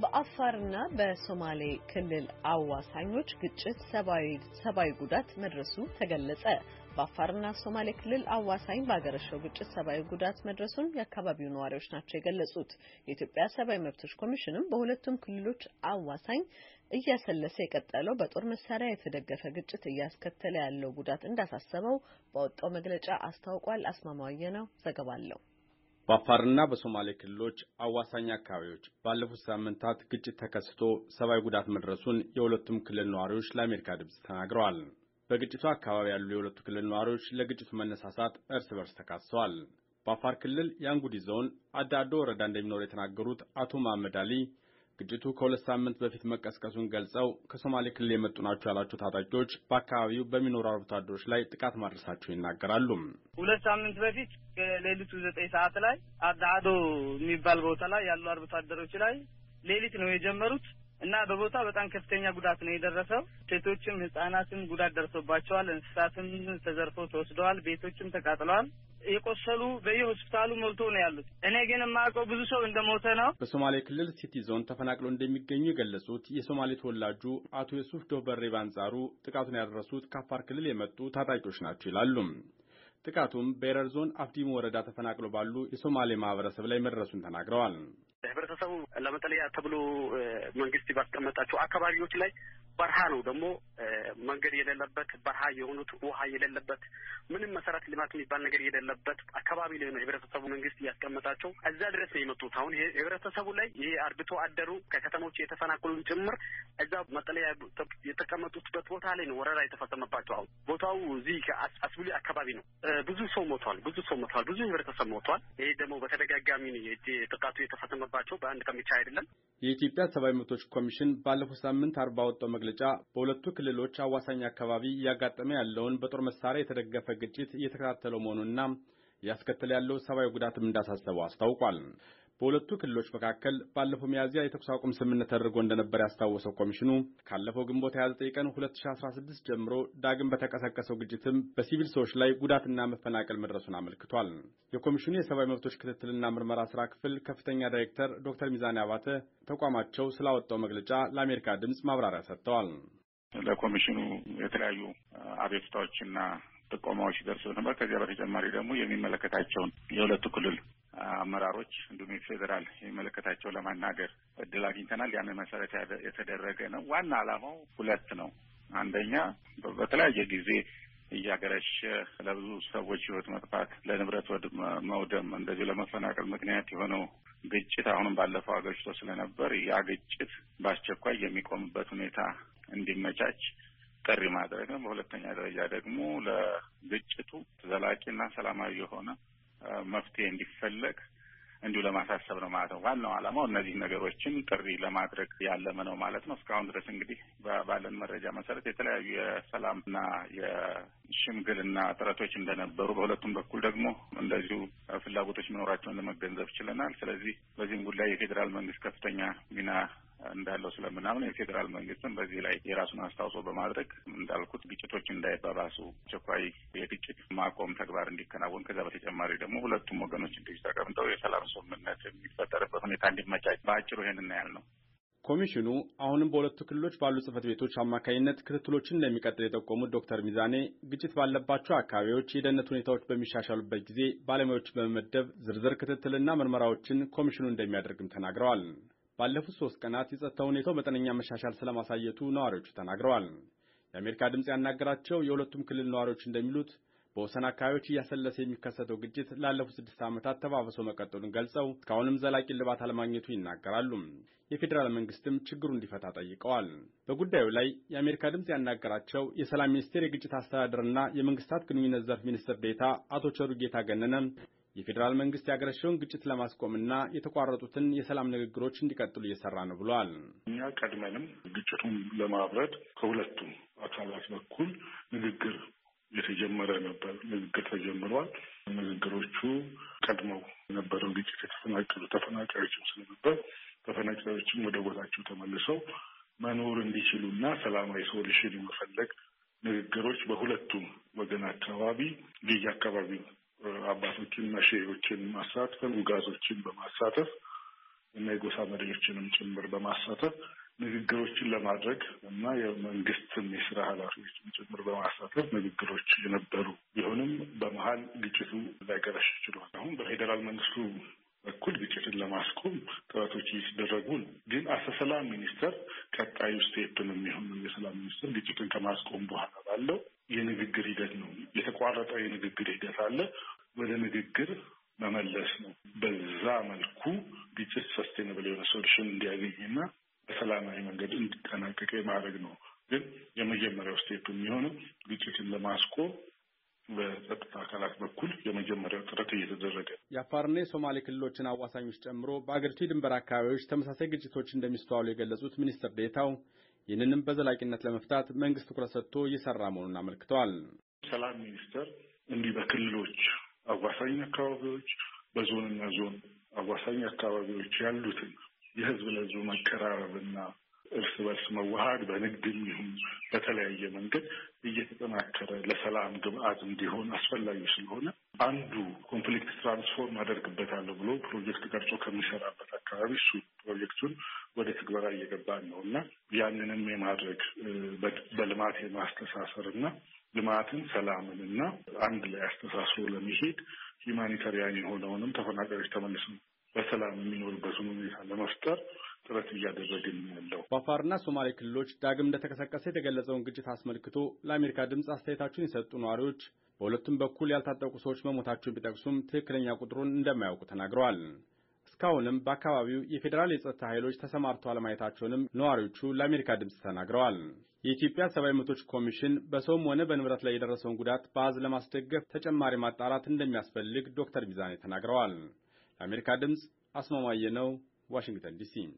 በአፋርና በሶማሌ ክልል አዋሳኞች ግጭት ሰብአዊ ጉዳት መድረሱ ተገለጸ። በአፋርና ሶማሌ ክልል አዋሳኝ በአገረሸው ግጭት ሰብአዊ ጉዳት መድረሱን የአካባቢው ነዋሪዎች ናቸው የገለጹት። የኢትዮጵያ ሰብአዊ መብቶች ኮሚሽንም በሁለቱም ክልሎች አዋሳኝ እያሰለሰ የቀጠለው በጦር መሳሪያ የተደገፈ ግጭት እያስከተለ ያለው ጉዳት እንዳሳሰበው በወጣው መግለጫ አስታውቋል። አስማማው ነው ዘገባለው። በአፋርና በሶማሌ ክልሎች አዋሳኝ አካባቢዎች ባለፉት ሳምንታት ግጭት ተከስቶ ሰብአዊ ጉዳት መድረሱን የሁለቱም ክልል ነዋሪዎች ለአሜሪካ ድምፅ ተናግረዋል። በግጭቱ አካባቢ ያሉ የሁለቱ ክልል ነዋሪዎች ለግጭቱ መነሳሳት እርስ በርስ ተካሰዋል። በአፋር ክልል የአንጉዲ ዞን አዳዶ ወረዳ እንደሚኖሩ የተናገሩት አቶ መሐመድ አሊ ግጭቱ ከሁለት ሳምንት በፊት መቀስቀሱን ገልጸው ከሶማሌ ክልል የመጡ ናቸው ያሏቸው ታጣቂዎች በአካባቢው በሚኖሩ አርብቶ አደሮች ላይ ጥቃት ማድረሳቸው ይናገራሉ። ሁለት ሳምንት በፊት ከሌሊቱ ዘጠኝ ሰዓት ላይ አዳአዶ የሚባል ቦታ ላይ ያሉ አርብቶ አደሮች ላይ ሌሊት ነው የጀመሩት። እና በቦታው በጣም ከፍተኛ ጉዳት ነው የደረሰው። ሴቶችም ህጻናትም ጉዳት ደርሶባቸዋል። እንስሳትም ተዘርፎ ተወስደዋል። ቤቶችም ተቃጥለዋል። የቆሰሉ በየሆስፒታሉ ሞልቶ ነው ያሉት። እኔ ግን የማውቀው ብዙ ሰው እንደሞተ ነው። በሶማሌ ክልል ሲቲ ዞን ተፈናቅለው እንደሚገኙ የገለጹት የሶማሌ ተወላጁ አቶ የሱፍ ዶበሬ በአንጻሩ ጥቃቱን ያደረሱት ከአፋር ክልል የመጡ ታጣቂዎች ናቸው ይላሉ። ጥቃቱም በኤረር ዞን አፍዲሙ ወረዳ ተፈናቅለው ባሉ የሶማሌ ማህበረሰብ ላይ መድረሱን ተናግረዋል። ህብረተሰቡ ለመጠለያ ተብሎ መንግስት ባስቀመጣቸው አካባቢዎች ላይ በረሃ ነው ደግሞ መንገድ የሌለበት በረሃ የሆኑት ውሃ የሌለበት ምንም መሰረት ልማት የሚባል ነገር የሌለበት አካባቢ ላይ ነው ህብረተሰቡ መንግስት እያስቀመጣቸው እዛ ድረስ ነው የመጡት። አሁን ህብረተሰቡ ላይ ይሄ አርብቶ አደሩ ከከተሞች የተፈናቀሉን ጭምር እዛ መጠለያ የተቀመጡትበት ቦታ ላይ ነው ወረራ የተፈጸመባቸው። አሁን ቦታው እዚህ ከአስብሊ አካባቢ ነው። ብዙ ሰው ሞቷል፣ ብዙ ሰው ሞቷል፣ ብዙ ህብረተሰብ ሞቷል። ይሄ ደግሞ በተደጋጋሚ ጥቃቱ የተፈጸመባቸው በአንድ ቀን ብቻ አይደለም። የኢትዮጵያ ሰብአዊ መብቶች ኮሚሽን ባለፈው ሳምንት አርብ ባወጣው መግለጫ በሁለቱ ክልሎች አዋሳኝ አካባቢ እያጋጠመ ያለውን በጦር መሳሪያ የተደገፈ ግጭት እየተከታተለው መሆኑንና እያስከተለ ያለው ሰብአዊ ጉዳትም እንዳሳሰበው አስታውቋል። በሁለቱ ክልሎች መካከል ባለፈው ሚያዝያ የተኩስ አቁም ስምምነት ተደርጎ እንደነበር ያስታወሰው ኮሚሽኑ ካለፈው ግንቦት 29 ቀን 2016 ጀምሮ ዳግም በተቀሰቀሰው ግጭትም በሲቪል ሰዎች ላይ ጉዳትና መፈናቀል መድረሱን አመልክቷል። የኮሚሽኑ የሰብአዊ መብቶች ክትትልና ምርመራ ስራ ክፍል ከፍተኛ ዳይሬክተር ዶክተር ሚዛኔ አባተ ተቋማቸው ስላወጣው መግለጫ ለአሜሪካ ድምፅ ማብራሪያ ሰጥተዋል። ለኮሚሽኑ የተለያዩ አቤቱታዎችና ጥቆማዎች ሲደርሱ ነበር። ከዚያ በተጨማሪ ደግሞ የሚመለከታቸውን የሁለቱ ክልል አመራሮች እንዲሁም የፌዴራል የሚመለከታቸው ለማናገር እድል አግኝተናል። ያንን መሰረት የተደረገ ነው። ዋና አላማው ሁለት ነው። አንደኛ በተለያየ ጊዜ እያገረሸ ለብዙ ሰዎች ህይወት መጥፋት፣ ለንብረት መውደም፣ እንደዚሁ ለመፈናቀል ምክንያት የሆነው ግጭት አሁንም ባለፈው አገርሽቶ ስለነበር ያ ግጭት በአስቸኳይ የሚቆምበት ሁኔታ እንዲመቻች ጥሪ ማድረግ ነው። በሁለተኛ ደረጃ ደግሞ ለግጭቱ ዘላቂና ሰላማዊ የሆነ መፍትሄ እንዲፈለግ እንዲሁ ለማሳሰብ ነው ማለት ነው። ዋናው ዓላማው እነዚህ ነገሮችን ጥሪ ለማድረግ ያለመ ነው ማለት ነው። እስካሁን ድረስ እንግዲህ ባለን መረጃ መሰረት የተለያዩ የሰላምና የሽምግልና ጥረቶች እንደነበሩ፣ በሁለቱም በኩል ደግሞ እንደዚሁ ፍላጎቶች መኖራቸውን ለመገንዘብ ችለናል። ስለዚህ በዚህም ጉዳይ የፌዴራል መንግስት ከፍተኛ ሚና እንዳለው ስለምናምን የፌዴራል መንግስትም በዚህ ላይ የራሱን አስታውሶ በማድረግ እንዳልኩት ግጭቶች እንዳይባባሱ አስቸኳይ የግጭት ማቆም ተግባር እንዲከናወን ከዛ በተጨማሪ ደግሞ ሁለቱም ወገኖች እንዲች ተቀምጠው የሰላም ስምምነት የሚፈጠርበት ሁኔታ እንዲመቻች በአጭሩ ይህን እናያል ነው። ኮሚሽኑ አሁንም በሁለቱ ክልሎች ባሉ ጽህፈት ቤቶች አማካኝነት ክትትሎችን እንደሚቀጥል የጠቆሙት ዶክተር ሚዛኔ ግጭት ባለባቸው አካባቢዎች የደህንነት ሁኔታዎች በሚሻሻሉበት ጊዜ ባለሙያዎችን በመመደብ ዝርዝር ክትትልና ምርመራዎችን ኮሚሽኑ እንደሚያደርግም ተናግረዋል። ባለፉት ሶስት ቀናት የጸጥታ ሁኔታው መጠነኛ መሻሻል ስለማሳየቱ ነዋሪዎቹ ተናግረዋል። የአሜሪካ ድምፅ ያናገራቸው የሁለቱም ክልል ነዋሪዎች እንደሚሉት በወሰን አካባቢዎች እያሰለሰ የሚከሰተው ግጭት ላለፉት ስድስት ዓመታት ተባብሶ መቀጠሉን ገልጸው እስካሁንም ዘላቂ ልባት አለማግኘቱ ይናገራሉ። የፌዴራል መንግስትም ችግሩ እንዲፈታ ጠይቀዋል። በጉዳዩ ላይ የአሜሪካ ድምፅ ያናገራቸው የሰላም ሚኒስቴር የግጭት አስተዳደርና የመንግስታት ግንኙነት ዘርፍ ሚኒስትር ዴታ አቶ ቸሩ ጌታ ገነነ የፌዴራል መንግስት ያገረሸውን ግጭት ለማስቆምና የተቋረጡትን የሰላም ንግግሮች እንዲቀጥሉ እየሰራ ነው ብሏል። እኛ ቀድመንም ግጭቱን ለማብረድ ከሁለቱም አካላት በኩል ንግግር የተጀመረ ነበር። ንግግር ተጀምሯል። ንግግሮቹ ቀድመው የነበረው ግጭት የተፈናቀሉ ተፈናቃዮችም ስለነበር ተፈናቃዮችም ወደ ቦታቸው ተመልሰው መኖር እንዲችሉና ሰላማዊ ሶሉሽን የመፈለግ ንግግሮች በሁለቱም ወገን አካባቢ ልዩ አካባቢ አባቶችን እና ሼዎችን ማሳተፍ፣ ውጋዞችን በማሳተፍ እና የጎሳ መሪዎችንም ጭምር በማሳተፍ ንግግሮችን ለማድረግ እና የመንግስትን የስራ ኃላፊዎችን ጭምር በማሳተፍ ንግግሮች የነበሩ ቢሆንም በመሀል ግጭቱ ላይገረሽ ችሏል። አሁን በፌዴራል መንግስቱ በኩል ግጭትን ለማስቆም ጥረቶች እየተደረጉ ነው። ግን አሰሰላም ሚኒስተር ቀጣዩ ስቴፕን የሚሆን የሰላም ሚኒስተር ግጭትን ከማስቆም በኋላ ባለው የንግግር ሂደት ነው የተቋረጠው የንግግር ሂደት አለ ወደ ንግግር መመለስ ነው። በዛ መልኩ ግጭት ሰስቴናብል የሆነ ሶሉሽን እንዲያገኝና በሰላማዊ መንገድ እንዲጠናቀቅ የማድረግ ነው። ግን የመጀመሪያው ስቴፕ የሚሆነው ግጭትን ለማስቆም በጸጥታ አካላት በኩል የመጀመሪያው ጥረት እየተደረገ የአፋርና የሶማሌ ክልሎችን አዋሳኞች ጨምሮ በአገሪቱ የድንበር አካባቢዎች ተመሳሳይ ግጭቶች እንደሚስተዋሉ የገለጹት ሚኒስትር ዴታው ይህንንም በዘላቂነት ለመፍታት መንግስት ትኩረት ሰጥቶ እየሰራ መሆኑን አመልክተዋል። ሰላም ሚኒስቴር እንዲህ በክልሎች አዋሳኝ አካባቢዎች በዞንና ዞን አዋሳኝ አካባቢዎች ያሉትን የህዝብ ለህዝብ መቀራረብና እርስ በርስ መዋሃድ በንግድም ይሁን በተለያየ መንገድ እየተጠናከረ ለሰላም ግብአት እንዲሆን አስፈላጊ ስለሆነ አንዱ ኮንፍሊክት ትራንስፎርም አደርግበታለሁ ብሎ ፕሮጀክት ቀርጾ ከሚሰራበት አካባቢ እሱ ፕሮጀክቱን ወደ ትግበራ እየገባን ነው እና ያንንም የማድረግ በልማት የማስተሳሰር እና ልማትን ሰላምን እና አንድ ላይ አስተሳስሮ ለመሄድ ሂማኒታሪያን የሆነውንም ተፈናቃዮች ተመልሰው በሰላም የሚኖርበትን ሁኔታ ለመፍጠር ጥረት እያደረግን ያለው። በአፋርና ሶማሌ ክልሎች ዳግም እንደተቀሰቀሰ የተገለጸውን ግጭት አስመልክቶ ለአሜሪካ ድምፅ አስተያየታቸውን የሰጡ ነዋሪዎች በሁለቱም በኩል ያልታጠቁ ሰዎች መሞታቸውን ቢጠቅሱም ትክክለኛ ቁጥሩን እንደማያውቁ ተናግረዋል። እስካሁንም በአካባቢው የፌዴራል የጸጥታ ኃይሎች ተሰማርተዋል ማየታቸውንም ነዋሪዎቹ ለአሜሪካ ድምፅ ተናግረዋል። የኢትዮጵያ ሰብአዊ መብቶች ኮሚሽን በሰውም ሆነ በንብረት ላይ የደረሰውን ጉዳት በአዝ ለማስደገፍ ተጨማሪ ማጣራት እንደሚያስፈልግ ዶክተር ሚዛኔ ተናግረዋል። ለአሜሪካ ድምፅ አስማማየ ነው፣ ዋሽንግተን ዲሲ